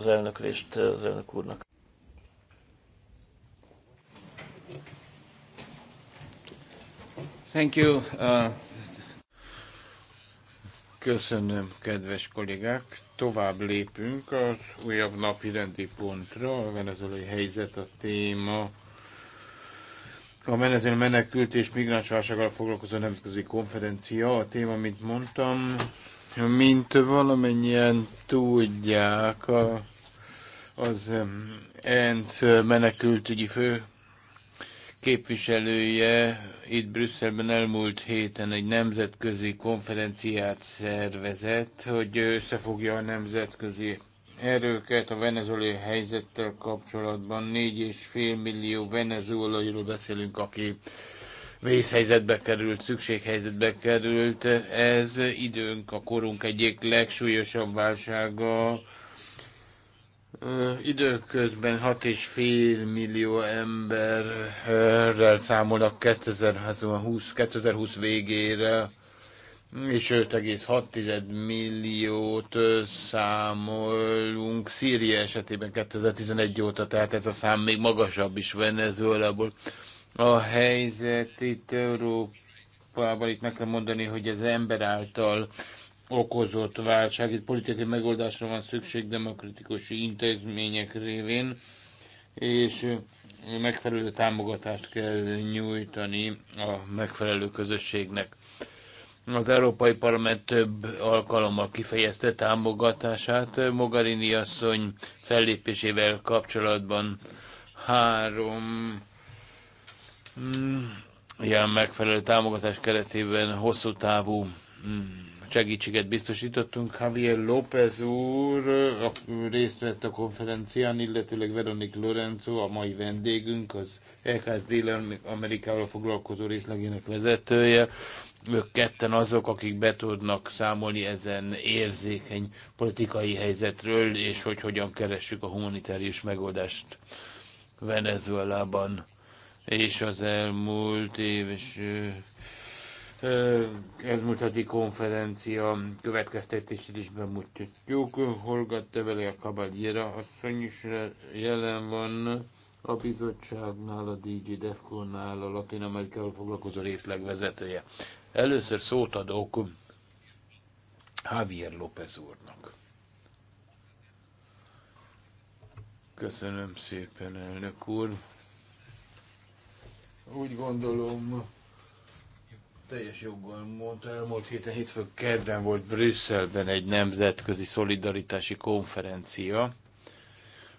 az elnöklést az elnök úrnak. Thank you. Uh... Köszönöm, kedves kollégák. Tovább lépünk az újabb napi rendi pontra. A venezuelai helyzet a téma. A venezuel menekült és migránsválsággal foglalkozó nemzetközi konferencia a téma, mint mondtam. Mint valamennyien tudják, a az ENSZ menekültügyi fő képviselője itt Brüsszelben elmúlt héten egy nemzetközi konferenciát szervezett, hogy összefogja a nemzetközi erőket a venezuelai helyzettel kapcsolatban. 4,5 millió venezuelairól beszélünk, aki vészhelyzetbe került, szükséghelyzetbe került. Ez időnk, a korunk egyik legsúlyosabb válsága. Időközben 6,5 millió emberrel számolnak 2020, 2020 végére, és 5,6 milliót számolunk Szíria esetében 2011 óta, tehát ez a szám még magasabb is Venezuelából. A helyzet itt Európában, itt meg kell mondani, hogy az ember által okozott válság. Itt politikai megoldásra van szükség demokratikus intézmények révén, és megfelelő támogatást kell nyújtani a megfelelő közösségnek. Az Európai Parlament több alkalommal kifejezte támogatását Mogarini asszony fellépésével kapcsolatban három mm, ilyen megfelelő támogatás keretében hosszú távú mm, segítséget biztosítottunk. Javier López úr részt vett a konferencián, illetőleg Veronik Lorenzo, a mai vendégünk, az EKS Dél-Amerikával foglalkozó részlegének vezetője. Ők ketten azok, akik be tudnak számolni ezen érzékeny politikai helyzetről, és hogy hogyan keressük a humanitárius megoldást Venezuelában. És az elmúlt év és elmúlt heti konferencia következtetését is bemutatjuk. Holga Tevele a Caballera asszony is jelen van a bizottságnál, a DJ Defconnál, a Latin Amerikával foglalkozó részleg vezetője. Először szót adok Javier López úrnak. Köszönöm szépen, elnök úr. Úgy gondolom, teljes joggal mondta, elmúlt héten hétfő kedden volt Brüsszelben egy nemzetközi szolidaritási konferencia,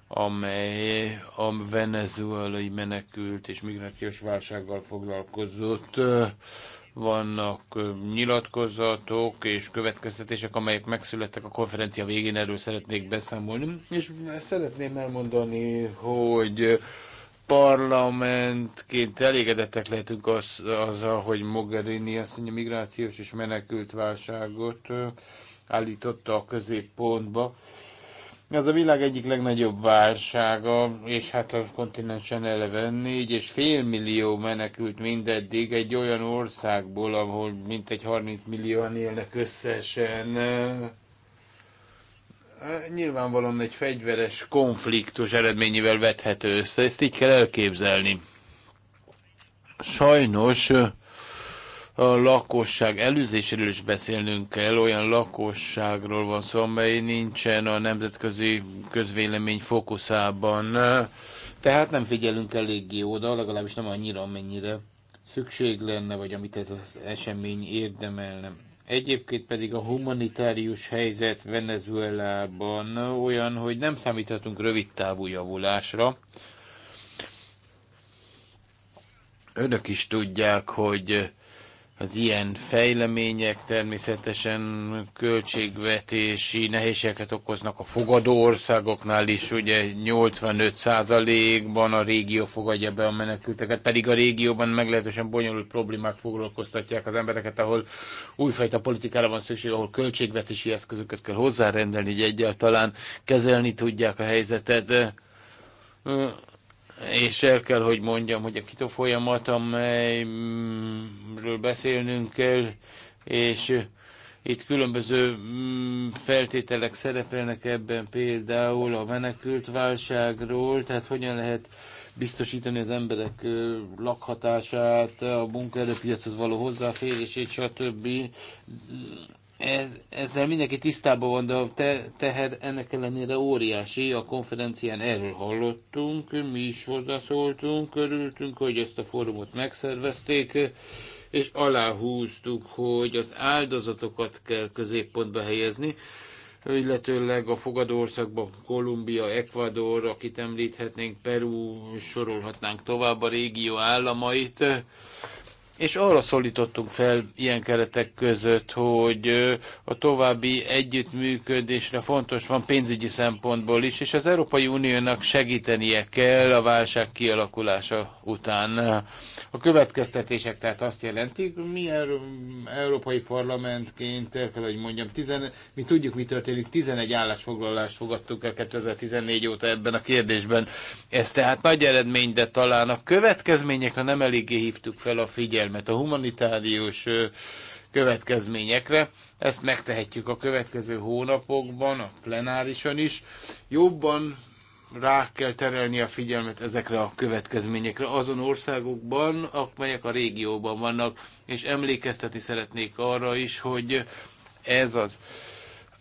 amely a venezuelai menekült és migrációs válsággal foglalkozott. Vannak nyilatkozatok és következtetések, amelyek megszülettek a konferencia végén, erről szeretnék beszámolni. És szeretném elmondani, hogy parlamentként elégedettek lehetünk az, azzal, hogy Mogherini azt mondja, migrációs és menekült válságot állította a középpontba. Ez a világ egyik legnagyobb válsága, és hát a kontinensen eleve négy és fél millió menekült mindeddig egy olyan országból, ahol mintegy 30 millióan élnek összesen nyilvánvalóan egy fegyveres konfliktus eredményével vethető össze, ezt így kell elképzelni. Sajnos a lakosság előzéséről is beszélnünk kell, olyan lakosságról van szó, amely nincsen a nemzetközi közvélemény fókuszában. Tehát nem figyelünk eléggé oda, legalábbis nem annyira, amennyire szükség lenne, vagy amit ez az esemény érdemelne. Egyébként pedig a humanitárius helyzet Venezuelában olyan, hogy nem számíthatunk rövid távú javulásra. Önök is tudják, hogy az ilyen fejlemények természetesen költségvetési nehézségeket okoznak a fogadó országoknál is, ugye 85%-ban a régió fogadja be a menekülteket, pedig a régióban meglehetősen bonyolult problémák foglalkoztatják az embereket, ahol újfajta politikára van szükség, ahol költségvetési eszközöket kell hozzárendelni, hogy egyáltalán kezelni tudják a helyzetet és el kell, hogy mondjam, hogy a kitó folyamat, amelyről beszélnünk kell, és itt különböző mm, feltételek szerepelnek ebben, például a menekült válságról, tehát hogyan lehet biztosítani az emberek lakhatását, a munkaerőpiachoz való hozzáférését, stb ez, ezzel mindenki tisztában van, de te, tehát ennek ellenére óriási. A konferencián erről hallottunk, mi is hozzászóltunk, örültünk, hogy ezt a fórumot megszervezték, és aláhúztuk, hogy az áldozatokat kell középpontba helyezni, illetőleg a fogadó országban Kolumbia, Ecuador, akit említhetnénk, Peru, sorolhatnánk tovább a régió államait és arra szólítottunk fel ilyen keretek között, hogy a további együttműködésre fontos van pénzügyi szempontból is, és az Európai Uniónak segítenie kell a válság kialakulása után. A következtetések tehát azt jelentik, mi er-, Európai Parlamentként, el kell, hogy mondjam, tizen, mi tudjuk, mi történik, 11 állásfoglalást fogadtuk el 2014 óta ebben a kérdésben. Ez tehát nagy eredmény, de talán a következményekre nem eléggé hívtuk fel a figyelmet figyelmet a humanitárius következményekre. Ezt megtehetjük a következő hónapokban, a plenárison is. Jobban rá kell terelni a figyelmet ezekre a következményekre azon országokban, amelyek a régióban vannak, és emlékeztetni szeretnék arra is, hogy ez az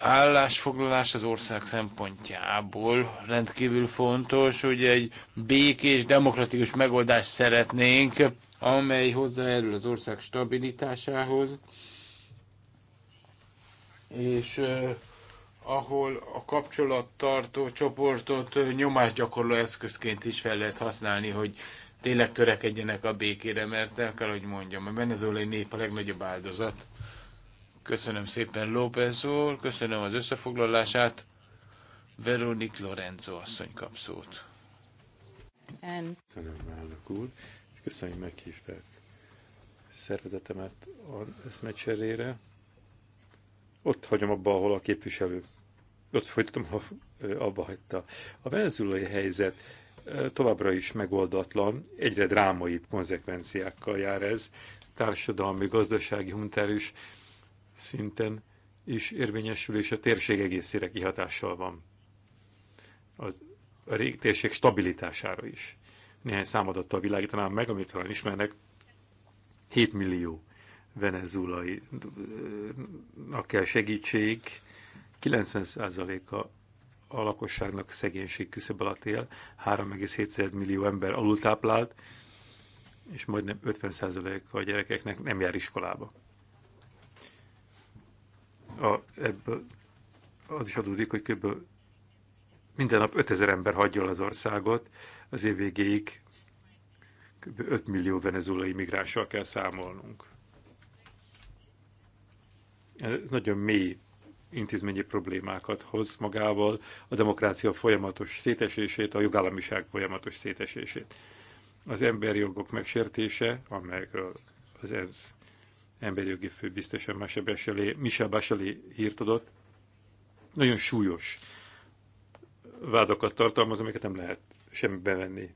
állásfoglalás az ország szempontjából rendkívül fontos, hogy egy békés, demokratikus megoldást szeretnénk, amely hozzájárul az ország stabilitásához, és eh, ahol a kapcsolattartó csoportot nyomásgyakorló eszközként is fel lehet használni, hogy tényleg törekedjenek a békére, mert el kell, hogy mondjam, a venezuelai nép a legnagyobb áldozat Köszönöm szépen López úr, köszönöm az összefoglalását. Veronik Lorenzo asszony kap szót. And... Köszönöm, elnök úr. Köszönöm, hogy meghívták szervezetemet a eszmecserére. Ott hagyom abba, ahol a képviselő. Ott folytatom, ahol abba hagyta. A venezuelai helyzet továbbra is megoldatlan, egyre drámaibb konzekvenciákkal jár ez, társadalmi, gazdasági, humanitárius szinten is érvényesül, a térség egészére kihatással van. Az, a rég térség stabilitására is. Néhány számadattal világítanám meg, amit talán ismernek. 7 millió venezuelainak kell segítség, 90%-a a lakosságnak szegénység küszöb alatt él, 3,7 millió ember alultáplált, és majdnem 50%-a a gyerekeknek nem jár iskolába a, ebből az is adódik, hogy kb. minden nap 5000 ember hagyja az országot, az év végéig kb. 5 millió venezuelai migránssal kell számolnunk. Ez nagyon mély intézményi problémákat hoz magával, a demokrácia folyamatos szétesését, a jogállamiság folyamatos szétesését. Az emberi jogok megsértése, amelyekről az ENSZ emberi jogi főbiztosan Michel Bachelet hírt adott, nagyon súlyos Vádokat tartalmaz, amiket nem lehet semmi bevenni.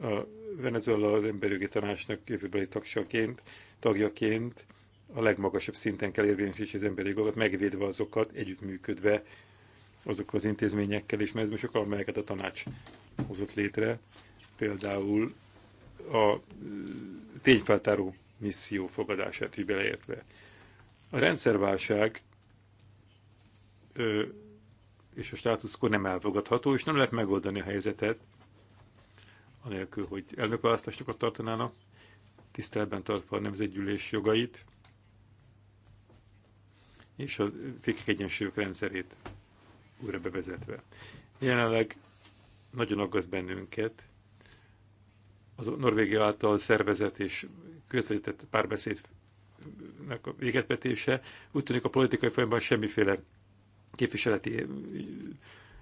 A Venezuela az jogi tanácsnak jövőbeli tagsaként, tagjaként a legmagasabb szinten kell érvényesíteni az emberi jogokat, megvédve azokat, együttműködve azok az intézményekkel és mezmusok, amelyeket a tanács hozott létre. Például a tényfeltáró misszió fogadását így beleértve. A rendszerválság ö, és a státuszkor nem elfogadható, és nem lehet megoldani a helyzetet, anélkül, hogy elnökválasztásokat tartanának, tiszteletben tartva a nemzetgyűlés jogait, és a fékek egyensúlyok rendszerét újra bevezetve. Jelenleg nagyon aggaszt bennünket az Norvégia által szervezett és közvetített párbeszédnek a végetvetése. Úgy tűnik a politikai folyamban semmiféle képviseleti eh,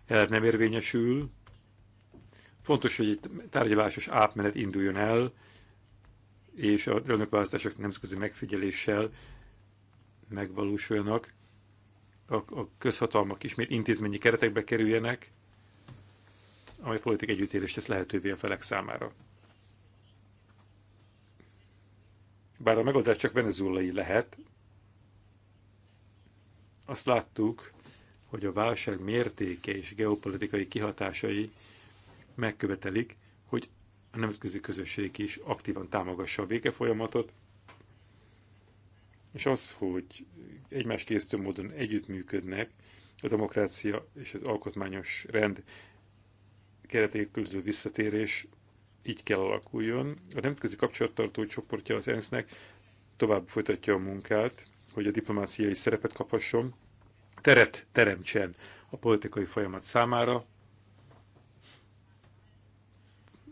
elv nem érvényesül. Fontos, hogy egy tárgyalásos átmenet induljon el, és a elnökválasztások nemzetközi megfigyeléssel megvalósuljanak, a, a közhatalmak ismét intézményi keretekbe kerüljenek, amely politikai együttélést tesz lehetővé a felek számára. bár a megoldás csak venezuelai lehet, azt láttuk, hogy a válság mértéke és geopolitikai kihatásai megkövetelik, hogy a nemzetközi közösség is aktívan támogassa a folyamatot, és az, hogy egymás készítő módon együttműködnek a demokrácia és az alkotmányos rend kereték visszatérés így kell alakuljon. A nemzetközi kapcsolattartó csoportja az ENSZ-nek tovább folytatja a munkát, hogy a diplomáciai szerepet kaphasson, teret teremtsen a politikai folyamat számára.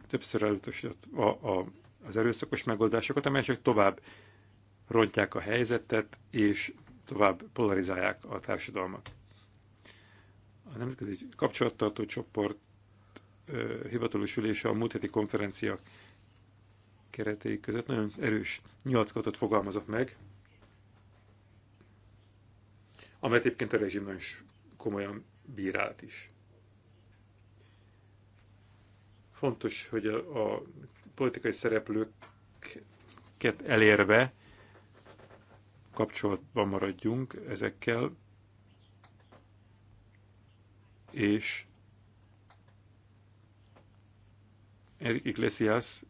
Többször elutasított a, a, az erőszakos megoldásokat, amelyek tovább rontják a helyzetet, és tovább polarizálják a társadalmat. A nemzetközi kapcsolattartó csoport hivatalos ülése a múlt heti konferencia keretei között nagyon erős nyilatkozatot fogalmazott meg, amelyet egyébként a nagyon komolyan bírált is. Fontos, hogy a, a politikai szereplőket elérve kapcsolatban maradjunk ezekkel, és Erik Iglesias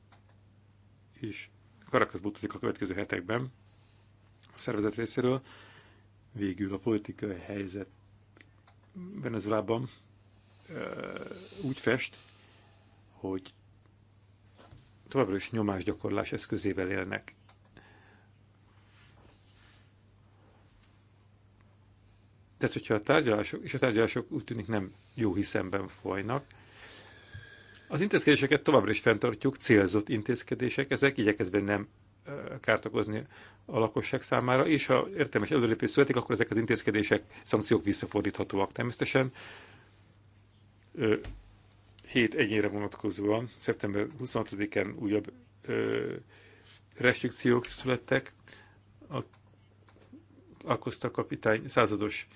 is Karakas utazik a következő hetekben a szervezet részéről. Végül a politikai helyzet Venezuelában úgy fest, hogy továbbra is nyomásgyakorlás eszközével élnek. Tehát, hogyha a tárgyalások, és a tárgyalások úgy tűnik nem jó hiszemben folynak, az intézkedéseket továbbra is fenntartjuk, célzott intézkedések, ezek igyekezve nem kárt okozni a lakosság számára, és ha értelmes előrépés születik, akkor ezek az intézkedések, szankciók visszafordíthatóak természetesen. Hét egyére vonatkozóan, szeptember 26-án újabb ö, restrikciók születtek, a Akosta kapitány százados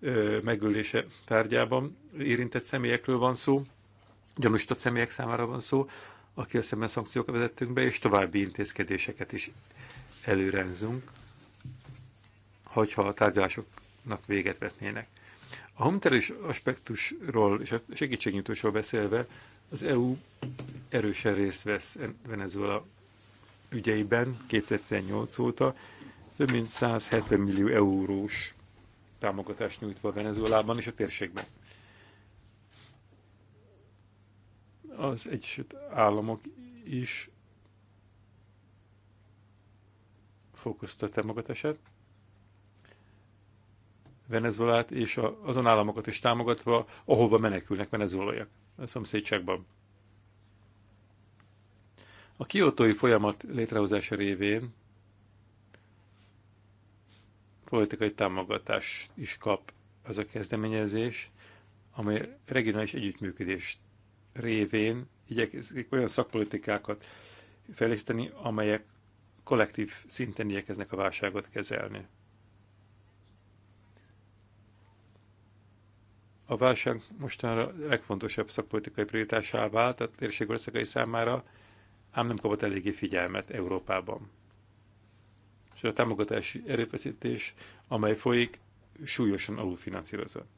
ö, megölése tárgyában érintett személyekről van szó, gyanúsított személyek számára van szó, a szemben szankciókat vezettünk be, és további intézkedéseket is előrenzünk, hogyha a tárgyalásoknak véget vetnének. A humanitárius aspektusról és a segítségnyújtósról beszélve az EU erősen részt vesz Venezuela ügyeiben 2018 óta, több mint 170 millió eurós támogatást nyújtva Venezuelában és a térségben. az Egyesült Államok is fókuszta támogatását. Venezuelát és azon államokat is támogatva, ahova menekülnek venezuelaiak a szomszédságban. A kiotói folyamat létrehozása révén politikai támogatás is kap az a kezdeményezés, amely regionális együttműködést révén igyekezik olyan szakpolitikákat fejleszteni, amelyek kollektív szinten igyekeznek a válságot kezelni. A válság mostanra legfontosabb szakpolitikai prioritásá vált a térség országai számára, ám nem kapott eléggé figyelmet Európában. És a támogatási erőfeszítés, amely folyik, súlyosan alulfinanszírozott.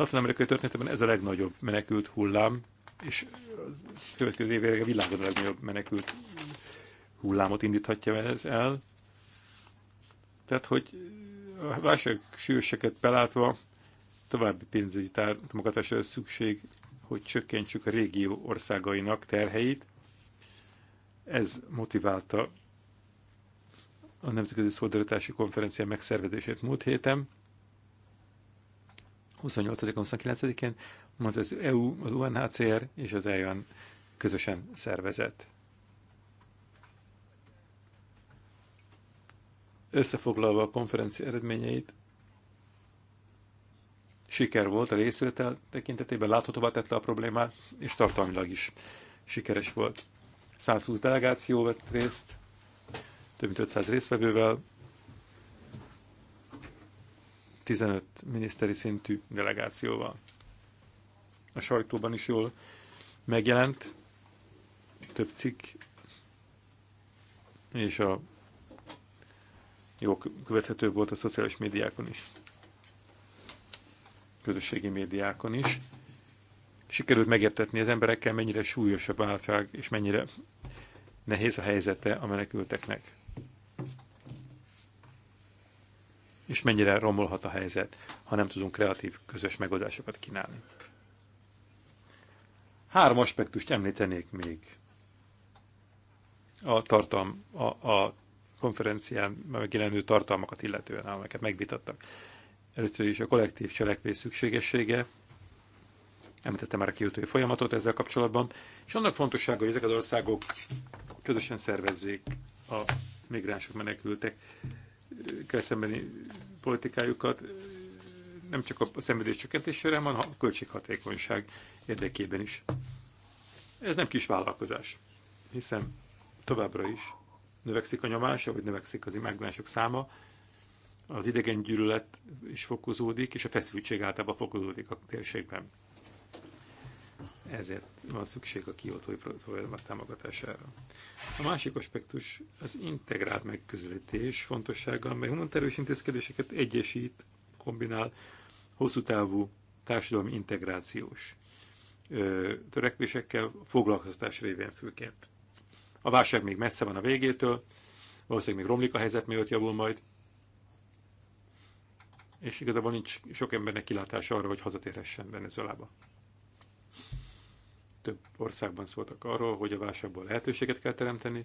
Latin-amerikai történetben ez a legnagyobb menekült hullám, és a következő évére a világon a legnagyobb menekült hullámot indíthatja ez el. Tehát, hogy a válság sűrűseket belátva további pénzügyi támogatásra szükség, hogy csökkentsük a régió országainak terheit. Ez motiválta a Nemzetközi Szolidaritási Konferencia megszervezését múlt héten. 28-29-én, majd az EU, az UNHCR és az EJAN közösen szervezett. Összefoglalva a konferencia eredményeit, siker volt a részvétel tekintetében, láthatóvá tette a problémát, és tartalmilag is sikeres volt. 120 delegáció vett részt, több mint 500 résztvevővel, 15 miniszteri szintű delegációval. A sajtóban is jól megjelent több cikk, és a jó követhető volt a szociális médiákon is, közösségi médiákon is. Sikerült megértetni az emberekkel, mennyire súlyos a válság, és mennyire nehéz a helyzete a menekülteknek. és mennyire romolhat a helyzet, ha nem tudunk kreatív közös megoldásokat kínálni. Három aspektust említenék még a tartalm, a, a konferencián megjelenő tartalmakat illetően, amelyeket megvitattak. Először is a kollektív cselekvés szükségessége, említettem már a kiutói folyamatot ezzel kapcsolatban, és annak fontossága, hogy ezek az országok közösen szervezzék a migránsok menekültek szembeni politikájukat nem csak a szenvedés csökkentésére, hanem a költséghatékonyság érdekében is. Ez nem kis vállalkozás, hiszen továbbra is növekszik a nyomása, vagy növekszik az imágnások száma, az idegen gyűlölet is fokozódik, és a feszültség általában fokozódik a térségben ezért van szükség a kiotói protokoll támogatására. A másik aspektus az integrált megközelítés fontossága, amely humanitárius intézkedéseket egyesít, kombinál hosszú távú társadalmi integrációs ö, törekvésekkel, foglalkoztatás révén főként. A válság még messze van a végétől, valószínűleg még romlik a helyzet, mielőtt javul majd, és igazából nincs sok embernek kilátása arra, hogy hazatérhessen Venezuelába több országban szóltak arról, hogy a válságból lehetőséget kell teremteni,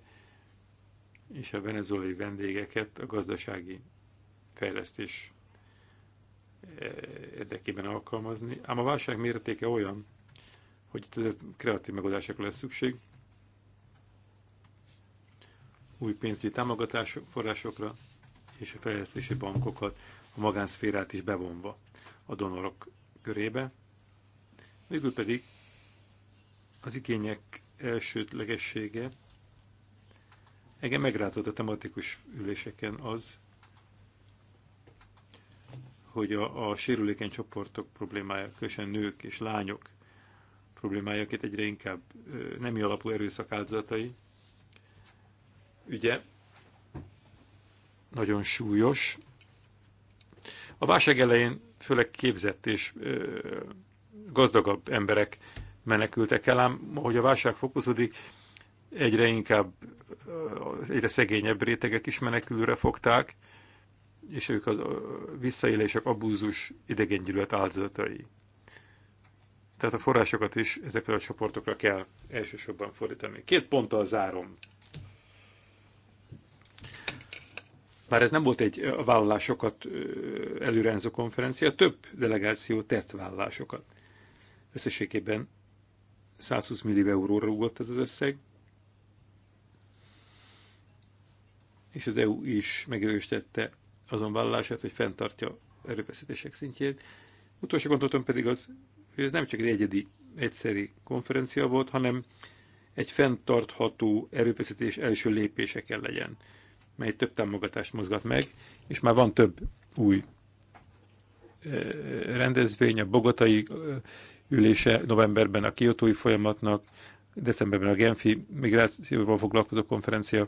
és a venezuelai vendégeket a gazdasági fejlesztés eh, érdekében alkalmazni. Ám a válság mértéke olyan, hogy itt kreatív megoldásokra lesz szükség, új pénzügyi támogatás forrásokra és a fejlesztési bankokat, a magánszférát is bevonva a donorok körébe. Végül pedig az igények elsődlegessége. Engem megrázott a tematikus üléseken az, hogy a, a sérülékeny csoportok problémája, különösen nők és lányok problémája, akik egyre inkább nemi alapú erőszak áldozatai, ugye nagyon súlyos. A válság elején főleg képzett és ö, gazdagabb emberek menekültek el, ám ahogy a válság fokozódik, egyre inkább egyre szegényebb rétegek is menekülőre fogták, és ők az visszaélések, abúzus, idegengyűlölet áldozatai. Tehát a forrásokat is ezekre a csoportokra kell elsősorban fordítani. Két ponttal zárom. Már ez nem volt egy a vállalásokat előrehányzó konferencia, több delegáció tett vállalásokat. Összességében 120 millió euróra rúgott ez az összeg, és az EU is megerősítette azon vállalását, hogy fenntartja erőfeszítések szintjét. Utolsó gondolatom pedig az, hogy ez nem csak egy egyedi, egyszeri konferencia volt, hanem egy fenntartható erőfeszítés első lépése kell legyen, mely több támogatást mozgat meg, és már van több új eh, rendezvény, a bogotai eh, ülése novemberben a kiotói folyamatnak, decemberben a Genfi migrációval foglalkozó konferencia,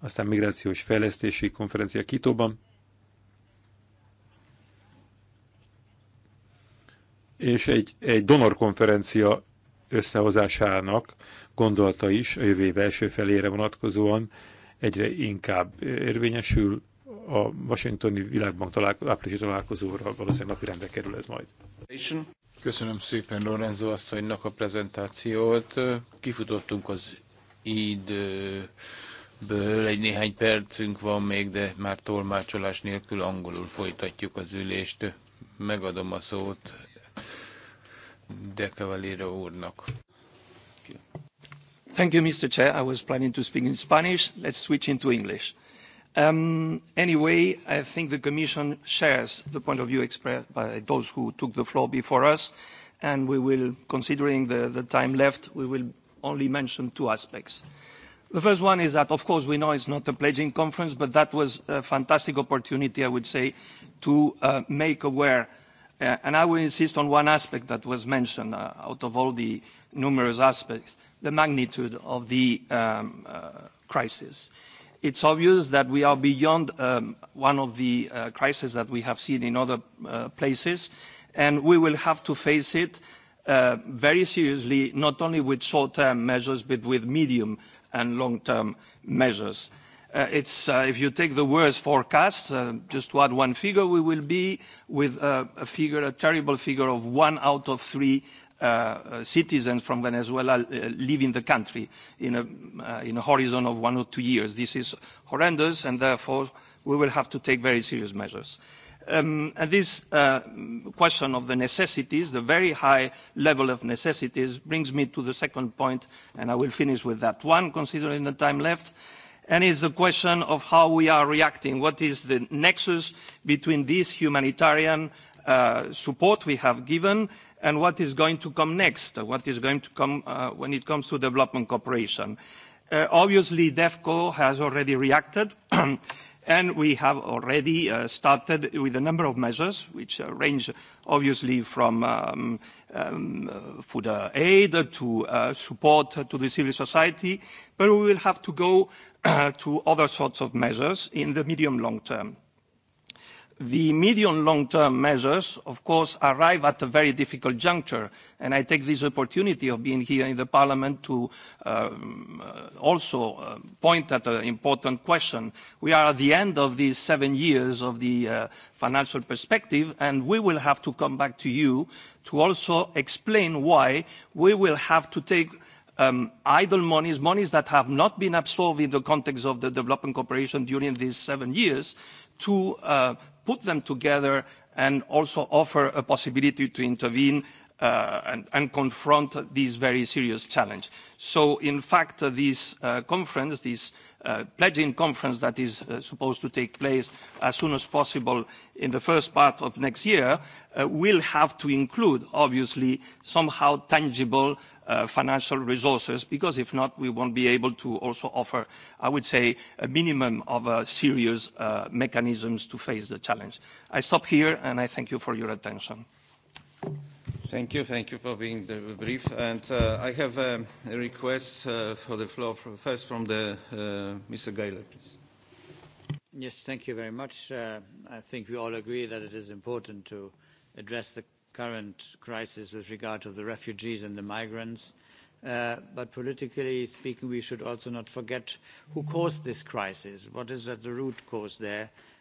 aztán migrációs fejlesztési konferencia Kitóban, és egy, egy donor konferencia összehozásának gondolata is a jövő év első felére vonatkozóan egyre inkább érvényesül. A Washingtoni Világbank találko- áprilisi találkozóra valószínűleg napirendre kerül ez majd. Köszönöm szépen Lorenzo asszonynak a prezentációt. Kifutottunk az időből, egy néhány percünk van még, de már tolmácsolás nélkül angolul folytatjuk az ülést. Megadom a szót De Cavalero úrnak. Thank you, Mr. Chair. I was planning to speak in Spanish. Let's switch into English. Um, anyway, I think the Commission shares the point of view expressed by those who took the floor before us, and we will, considering the, the time left, we will only mention two aspects. The first one is that, of course, we know it's not a pledging conference, but that was a fantastic opportunity, I would say, to uh, make aware. Uh, and I will insist on one aspect that was mentioned uh, out of all the numerous aspects, the magnitude of the um, uh, crisis it's obvious that we are beyond um, one of the uh, crises that we have seen in other uh, places, and we will have to face it uh, very seriously, not only with short-term measures, but with medium and long-term measures. it's, if you take the worst forecasts, just to add one figure, we will be with a figure, a terrible figure of one out of three Uh, uh, citizens from Venezuela uh, leaving the country in a, uh, in a horizon of one or two years. This is horrendous, and therefore we will have to take very serious measures. Um, and this uh, question of the necessities, the very high level of necessities, brings me to the second point, and I will finish with that one, considering the time left, and is the question of how we are reacting. What is the nexus between this humanitarian uh, support we have given and what is going to come next, what is going to come uh, when it comes to development cooperation. Uh, obviously, DEFCO has already reacted, and we have already uh, started with a number of measures, which uh, range obviously from um, um, uh, food aid to uh, support to the civil society, but we will have to go uh, to other sorts of measures in the medium long term the medium long-term measures, of course, arrive at a very difficult juncture. And I take this opportunity of being here in the Parliament to um, uh, also uh, point at an important question. We are at the end of these seven years of the uh, financial perspective, and we will have to come back to you to also explain why we will have to take um, idle monies, monies that have not been absorbed in the context of the development cooperation during these seven years, to put them together and also offer a possibility to intervene uh, and, and confront this very serious challenge. So in fact, uh, this uh, conference, this Uh, pledging conference that is uh, supposed to take place as soon as possible in the first part of next year uh, will have to include, obviously, somehow tangible Uh, financial resources, because if not, we won't be able to also offer, I would say, a minimum of uh, serious uh, mechanisms to face the challenge. I stop here, and I thank you for your attention. Thank you. Thank you for being brief. And uh, I have um, a request uh, for the floor from, first from the uh, Mr. Gaila, please. Yes, thank you very much. Uh, I think we all agree that it is important to address the current crisis with regard to the refugees and the migrants. Uh, but politically speaking, we should also not forget who caused this crisis. What is at the root cause there?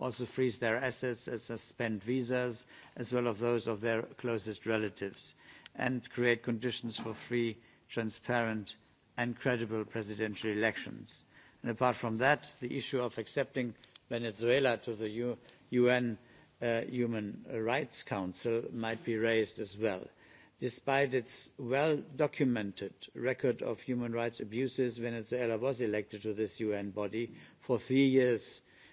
also freeze their assets and suspend visas, as well as those of their closest relatives, and create conditions for free, transparent, and credible presidential elections. And apart from that, the issue of accepting Venezuela to the U UN uh, Human Rights Council might be raised as well. Despite its well-documented record of human rights abuses, Venezuela was elected to this UN body for three years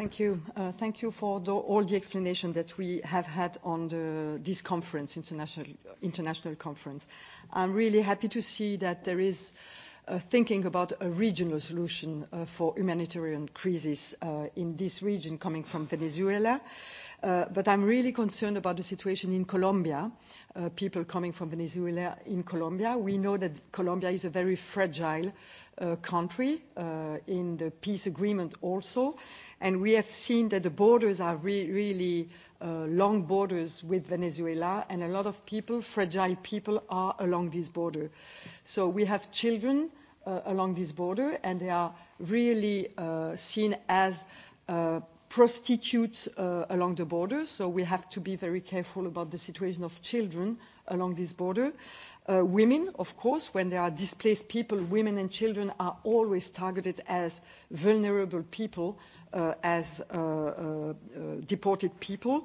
Thank you. Uh, thank you for all the explanation that we have had on this conference, international, conference. I'm really happy to see that there is uh, thinking about a regional solution uh, for humanitarian crisis in this region coming from Venezuela. Uh, but I'm really concerned about the situation in Colombia, uh, people coming from Venezuela in Colombia. We know that Colombia is a very fragile uh, country uh, in the peace agreement also. And we have seen that the borders are re really uh, long borders with Venezuela, and a lot of people, fragile people, are along this border. So we have children uh, along this border, and they are really uh, seen as uh, prostitutes uh, along the border, so we have to be very careful about the situation of children along this border. Uh, women, of course, when there are displaced people, women and children are always targeted as vulnerable people, uh, as uh, uh, uh, deported people,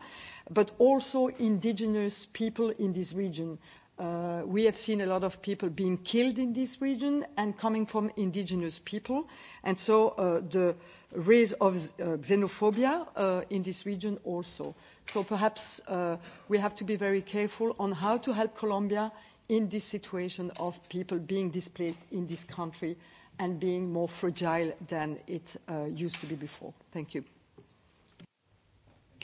but also indigenous people in this region. Uh, we have seen a lot of people being killed in this region and coming from indigenous people. And so uh, the rise of uh, xenophobia uh, in this region also. So perhaps uh, we have to be very careful on how to help Colombia in this situation of people being displaced in this country and being more fragile than it uh, used to be before. Thank you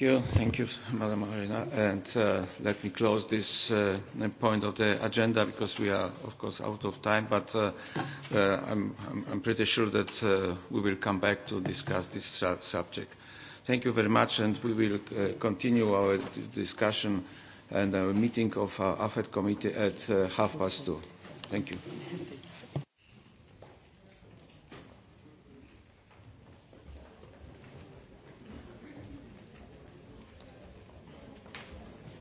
you. Thank you, Madam Marina. And uh, let me close this uh, point of the agenda because we are, of course, out of time. But uh, uh, I'm, I'm I'm pretty sure that uh, we will come back to discuss this su subject. Thank you very much, and we will uh, continue our d discussion and our meeting of our AFED committee at uh, half past two. Thank you. Thank you.